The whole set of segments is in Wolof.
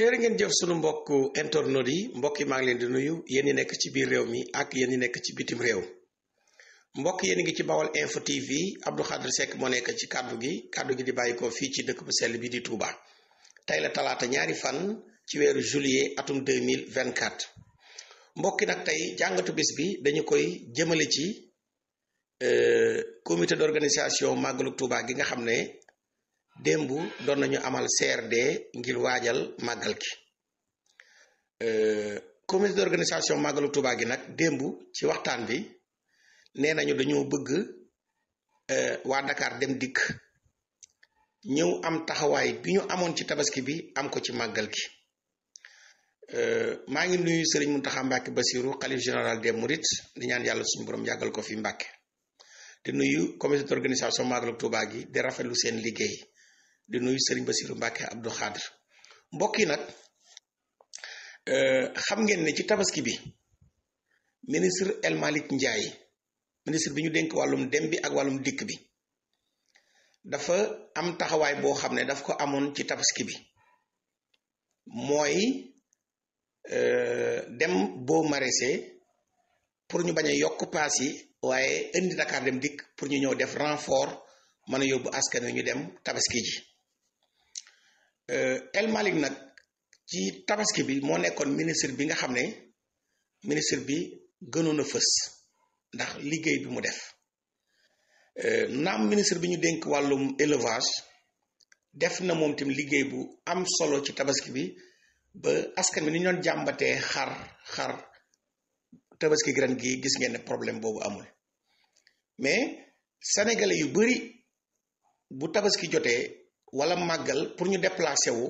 jërë ngeen jëf sunu mbokk internet yi mbokk yi maa ngi leen di nuyu yéen ñi nekk ci biir réew mi ak yéen ñi nekk ci bitim réew mbokk yéen ngi ci Bawol info TV Abdou Khadre Seck moo nekk ci kàddu gi kàddu gi di bàyyi ko fii ci dëkk bu sell bi di Touba tey la talaata ñaari fan ci weeru juillet atum 2024 mbokki nag tey jàngatu bis bi dañu koy jëmale ci euh, comité d'organisation màggalu Touba gi nga xam ne démb doon nañu amal CRD ngir waajal màggal gi euh, comité d'organisation màggalu Touba gi nag démb ci waxtaan bi nee nañu dañoo bëgg euh, waa Dakar dem dikk ñëw am taxawaay bi ñu amoon ci tabaski bi am ko ci màggal gi euh, maa ngi nuyu Serigne Mountakha Mbacké Bassirou xalif général des Mourides di ñaan yàlla suñu borom yàggal ko fi Mbacké di nuyu comité d'organisation màggalu Touba gi di rafetlu seen liggéey. di nuyu Serigne Bassirou Mbacke Abdou Khadr mbokk yi nag euh, xam ngeen ne ci tabaski bi ministre El Malick Ndiaye ministre bi ñu dénk wàllum dem bi ak wàllum dikk bi dafa am taxawaay boo xam ne daf ko amoon ci tabaski bi mooy euh, dem boo maraîcher pour ñu bañ a yokk paas yi waaye indi Dakar dem dikk pour ñu ñëw def renfort mën a yóbbu askan wi ñu dem tabaski ji Euh, El Malick nag ci tabaski bi moo nekkoon ministre bi nga xam ne ministre bi gënoon a fës ndax liggéey bi mu def euh, naam ministre bi ñu dénk wàllum élevage def na moom tam liggéey bu am solo ci tabaski bi ba askan bi ni ñoon jàmbatee xar xar tabaski gran gi gis ngeen ne problème boobu amul mais sénégalais yu bari bu tabaski jotee wala màggal pour ñu déplacer wu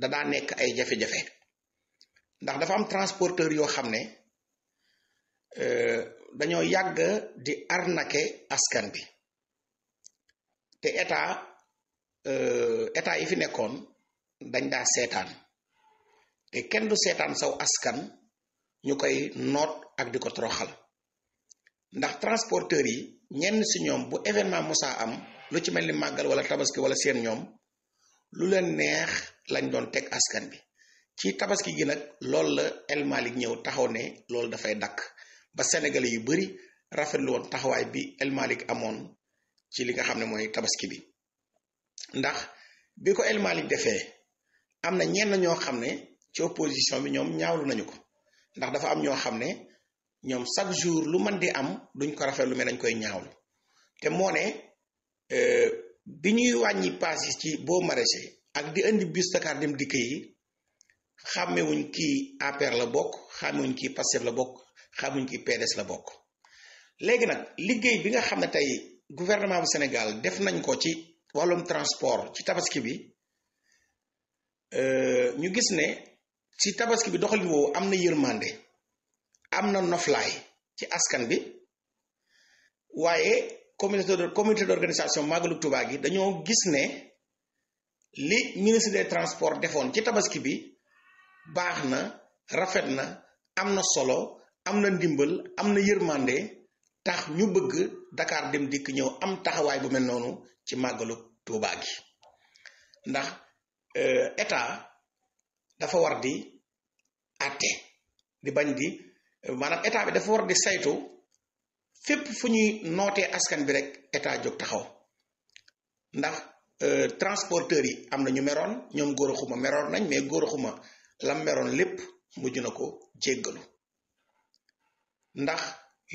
da daa nekk ay jafe-jafe ndax dafa am transporteur yoo xam ne euh, dañoo yàgg di arnaquer askan bi te état euh, état yi fi nekkoon dañ daa seetaan te kenn du seetaan saw askan ñu koy noot ak di ko troxal ndax transporteur yi ñenn si ñoom bu événement musaa am lu ci mel ni màggal wala tabaski wala seen ñoom lu leen neex lañ doon teg askan bi ci tabaski gi nag loolu la El Malick ñëw taxaw ne loolu dafay dakk ba sénégalais yu bari rafetlu woon taxawaay bi El amoon ci li nga xam ne mooy tabaski bi ndax bi ko El Malick defee am na ñenn ñoo xam ne ci opposition bi ñoom ñaawlu nañu ko ndax dafa am ñoo xam ne ñoom chaque jour lu man di am duñ ko rafet lu mais lañ koy ñaawlu te moo ne Euh, bi ñuy wàññi paas yi ci boo maraîcher ak di indi bus Dakar dem dikk yi xàmmewuñ kii APR la bokk xàmmewuñ kii Pastef la bokk xàmmewuñ ki PDS la bokk léegi nag liggéey bi nga xam ne tey gouvernement bu Sénégal def nañ ko ci wàllum transport ci tabaski bi euh, ñu gis ne ci tabaski bi doxalin woowu am na yërmande am na noflaay ci askan bi waaye communauté de comité d'organisation Magalu Touba gi dañoo gis ne li ministre des transports defoon ci tabaski bi baax na rafet na am na solo am na ndimbal am na yërmande tax ñu bëgg dakaar dem dikk ñëw am taxawaay bu mel noonu ci Magalu Touba gi ndax euh, état dafa war di àtte di bañ di maanaam état bi dafa war di saytu. fépp fu ñuy nootee askan bi rek état jóg taxaw ndax euh, transporteurs yi am na ñu meroon ñoom góor meroon nañ mais góoraxuma xuma lam meroon lépp mujj na ko jéggalu ndax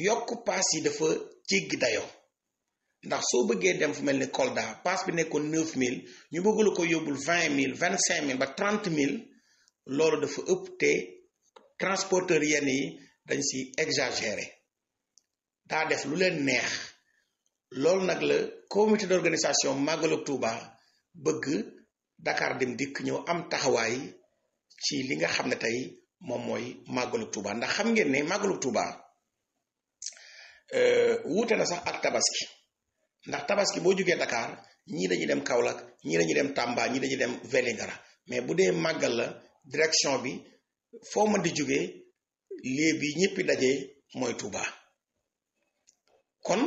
yokk paas yi dafa jéggi dayoo ndax soo bëggee dem fu mel ni Kolda paas bi nekkoon neuf mille ñu bëggul ko yóbbul vingt mille vingt cinq mille ba trente mille loolu dafa ëpp te transporteur yenn yi dañ si exagéré daa def lu leen neex loolu nag la comité d'organisation màggalu Touba bëgg Dakar Dem Dikk ñëw am taxawaay ci li nga xam ne tey moom mooy màggalu Touba ndax xam ngeen ne màggalu Touba euh, wuute na sax ak tabaski ndax tabaski boo jógee Dakar ñii dañuy dem Kaolack ñii dañuy dem Tamba ñii dañuy dem Vélingara mais bu dee màggal la direction bi foo ma di jógee léeb yi ñëpp dajee mooy Touba. kon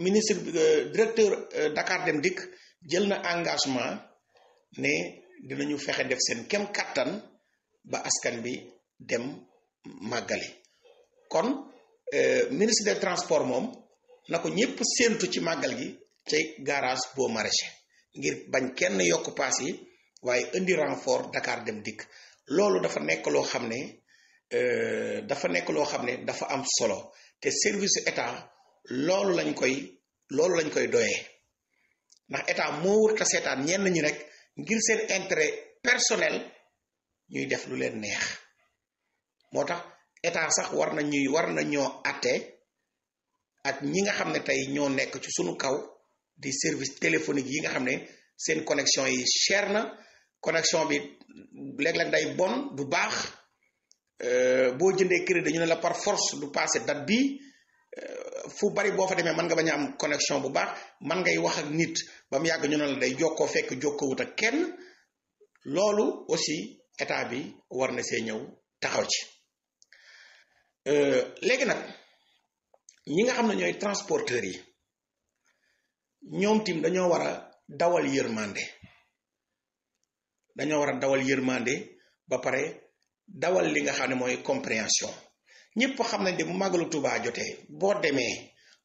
ministre euh, directeur euh, Dakar Dem Dikk jël na engagement ne dinañu fexe def seen kem kàttan ba askan bi dem màggali kon euh, ministre de transport moom na ko ñëpp séentu ci màggal gi ci garage boo maraîcher ngir bañ kenn yokk paas yi waaye indi renfort Dakar Dem Dikk loolu dafa nekk loo xam ne dafa nekk loo xam ne dafa am solo te service état loolu lañ koy loolu lañ koy doyee ndax état moo wër ta seetaan ñenn ñi rek ngir seen intérêt personnel ñuy def lu leen neex moo tax état sax war na ñuy war na ñoo atte ak ñi nga xam ne tey ñoo nekk ci suñu kaw di service téléphonique yi nga xam ne seen connexion yi cher na connexion bi léeg-léeg day bon du baax euh, boo jëndee crédit ñu ne la par force du passé date bi fu bari boo fa demee mën nga bañ am connexion bu baax man ngay wax ak nit ba mu yàgg ñu ne la day jokkoo fekk jokkoowut ak kenn loolu aussi état bi war na see ñëw taxaw ci euh, léegi nag ñi nga xam ne ñooy transporteurs yi ñoom tiim dañoo war a dawal yërmande dañoo war a dawal yërmande ba pare dawal li nga xam ne mooy compréhension ñëpp xam nañ de bu màggalu Tuubaa jotee boo demee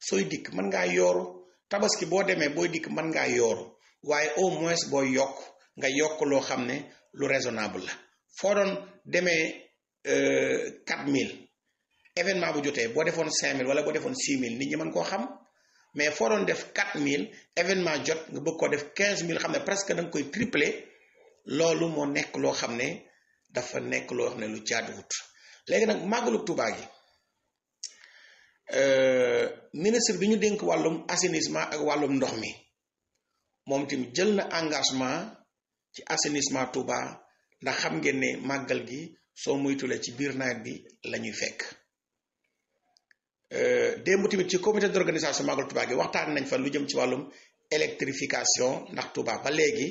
sooy dikk mën ngaa yooru tabaski boo demee booy dikk mën ngaa yooru waaye au moins booy yokk nga yokk loo xam ne lu raisonnable la foo doon demee euh, quatre mille événement bu jotee boo defoon cinq mille wala boo defoon six mille nit ñi mën koo xam mais foo doon def quatre mille événement jot nga bëgg koo def quinze mille xam ne presque da koy tripler loolu moo nekk loo xam ne dafa nekk loo xam ne lu jaaduwut léegi nag màggalu Tuubaa gi euh, ministre bi ñu dénk wàllum assainissement ak wàllum ndox mi moom tamit jël na engagement ci assainissement Touba ndax xam ngeen ne màggal gi soo moytulee ci biir nawet bi la ñuy fekk euh, démb tamit ci comité d'organisation màggal Touba gi waxtaan nañ fa lu jëm ci wàllum électrification ndax Touba ba léegi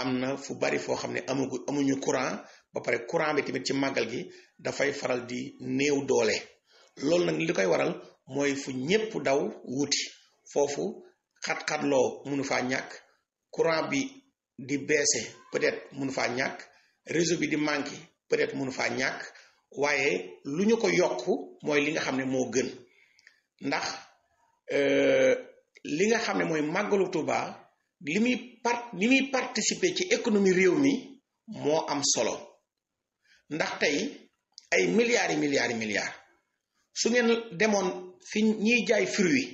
am na fu bari foo xam ne amugu amuñu courant ba pare courant bi tamit ci màggal gi dafay faral di néew doole loolu nag li koy waral mooy fu ñépp daw wuti foofu xat-xatloo mënu faa ñàkk courant bi di baissé peut-être mënu faa ñàkk réseau bi di manqué peut-être mënu faa ñàkk waaye lu ñu ko yokk mooy li nga xam ne moo gën ndax euh, li nga xam ne mooy màggalu Tuuba li muy part li muy participer ci économie réew mi moo am solo ndax tey ay milliards yi milliards yi milliards su ngeen demoon fi ñiy jaay fruit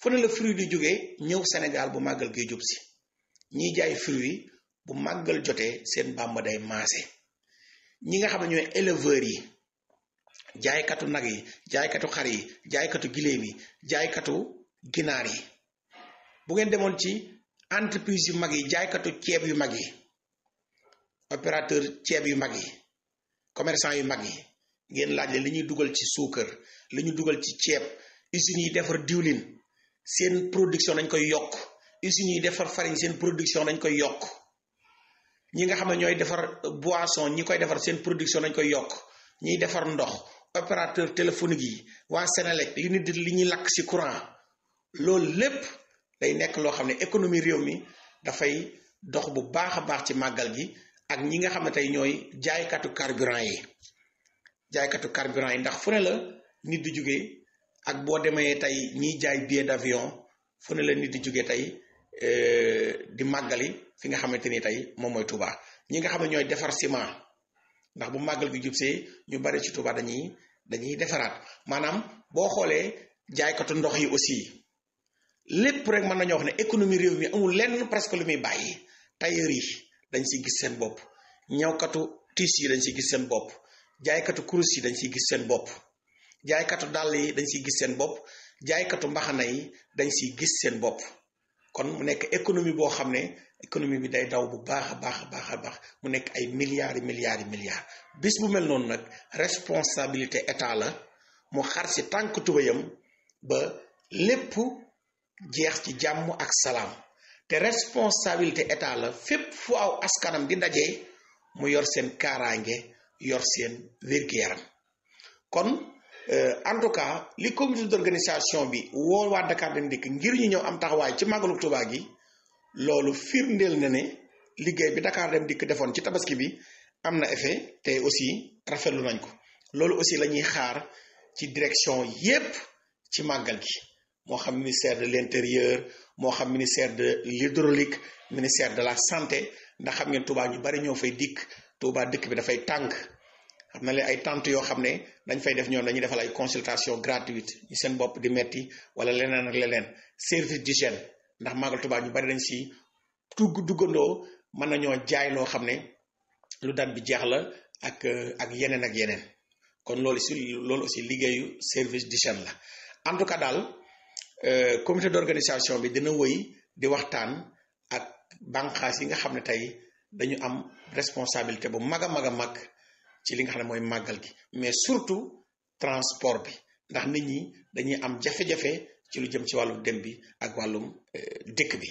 fu ne la fruit di jóge ñëw Sénégal bu màggal gi jub si ñiy jaay fruit bu màggal jotee seen bàmba day maase ñi nga xam ne ñooy éleveurs yi jaaykatu nag yi jaaykatu xar yi jaaykatu giléem yi jaaykatu ginaar yi bu ngeen demoon ci entreprise yu mag yi jaaykatu ceeb yu mag yi opérateur ceeb yu mag yi commerçant yu mag yi ngeen laaj li ñuy dugal ci suukar li ñu dugal ci ceeb usines yi defar diwlin seen production lañ koy yokk usines yi defar farine seen production lañ koy yokk ñi nga xam ne ñooy defar boisson ñi koy defar seen production dañ koy yokk ñiy defar ndox opérateur téléphonique yi waa Sénélec li nit li ñuy lakk ci courant loolu lépp day nekk loo xam ne économie réew mi dafay dox bu baax a baax ci màggal gi ak ñi nga xam ne tey ñooy jaaykatu carburant yi jaaykatu carburant yi ndax fu ne la nit di jóge ak boo demee tey ñiy jaay billet d'avion fu ne la nit di jóge tey euh, di màggali fi nga xamante ni tey moom mooy Touba ñi nga xam ne ñooy defar ciment ndax bu màggal gi jubsee ñu bari ci Touba dañuy dañuy defaraat maanaam boo xoolee jaaykatu ndox yi aussi lépp rek mën nañoo wax ne économie réew mi amul lenn presque lu muy bàyyi tailleur yi dañ si gis seen bopp ñawkatu tiis yi dañ si gis seen bopp jaaykatu kurus yi dañ si gis seen bopp jaaykatu dàll yi dañ si gis seen bopp jaaykatu mbaxana yi dañ si gis seen bopp kon mu nekk économie boo xam ne économie bi day daw bu baax a baax a baax a baax mu nekk ay milliards milliards milliards bis bu mel noonu nag responsabilité état la mu xar si tànk tubayam ba lépp jeex ci jàmm ak salaam te responsabilité état la fépp fu aw askanam di daje mu yor seen kaaraange yor seen wér-gu-yaram kon euh, en tout cas li comité d'organisation bi woo waa Dakar Dem Dikk ngir ñu ñëw am taxawaay ci màggalu Tuubaa gi loolu firndeel na ne liggéey bi Dakar Dem Dikk defoon ci tabaski bi am na effet te aussi rafetlu nañ ko loolu aussi la ñuy xaar ci direction yépp ci màggal gi moo xam ministère de l'intérieur moo xam ministère de l'hydraulique ministère de la santé ndax xam ngeen Touba ñu bari ñoo fay dikk tuubaa dëkk bi dafay tànk xam na leen ay tentes yoo xam ne dañ fay def ñoom dañuy defal ay consultation gratuite ñu seen bopp di metti wala leneen ak leneen service d'hygiène ndax màggal Touba ñu bari dañ si tugg duggandoo mën nañoo jaay loo xam ne lu daan bi jeex la ak ak yeneen ak yeneen kon loolu si loolu aussi liggéeyu service d'hygiène la en daal. Euh, comité d'organisation bi dina woy di waxtaan ak bànqaas yi nga xam ne tey dañu am responsabilité bu mag a mag a mag ci li nga xam ne mooy màggal gi mais surtout transport bi ndax nit ñi dañuy am jafe-jafe ci lu jëm ci wàllum dem bi ak wàllum euh, dëkk bi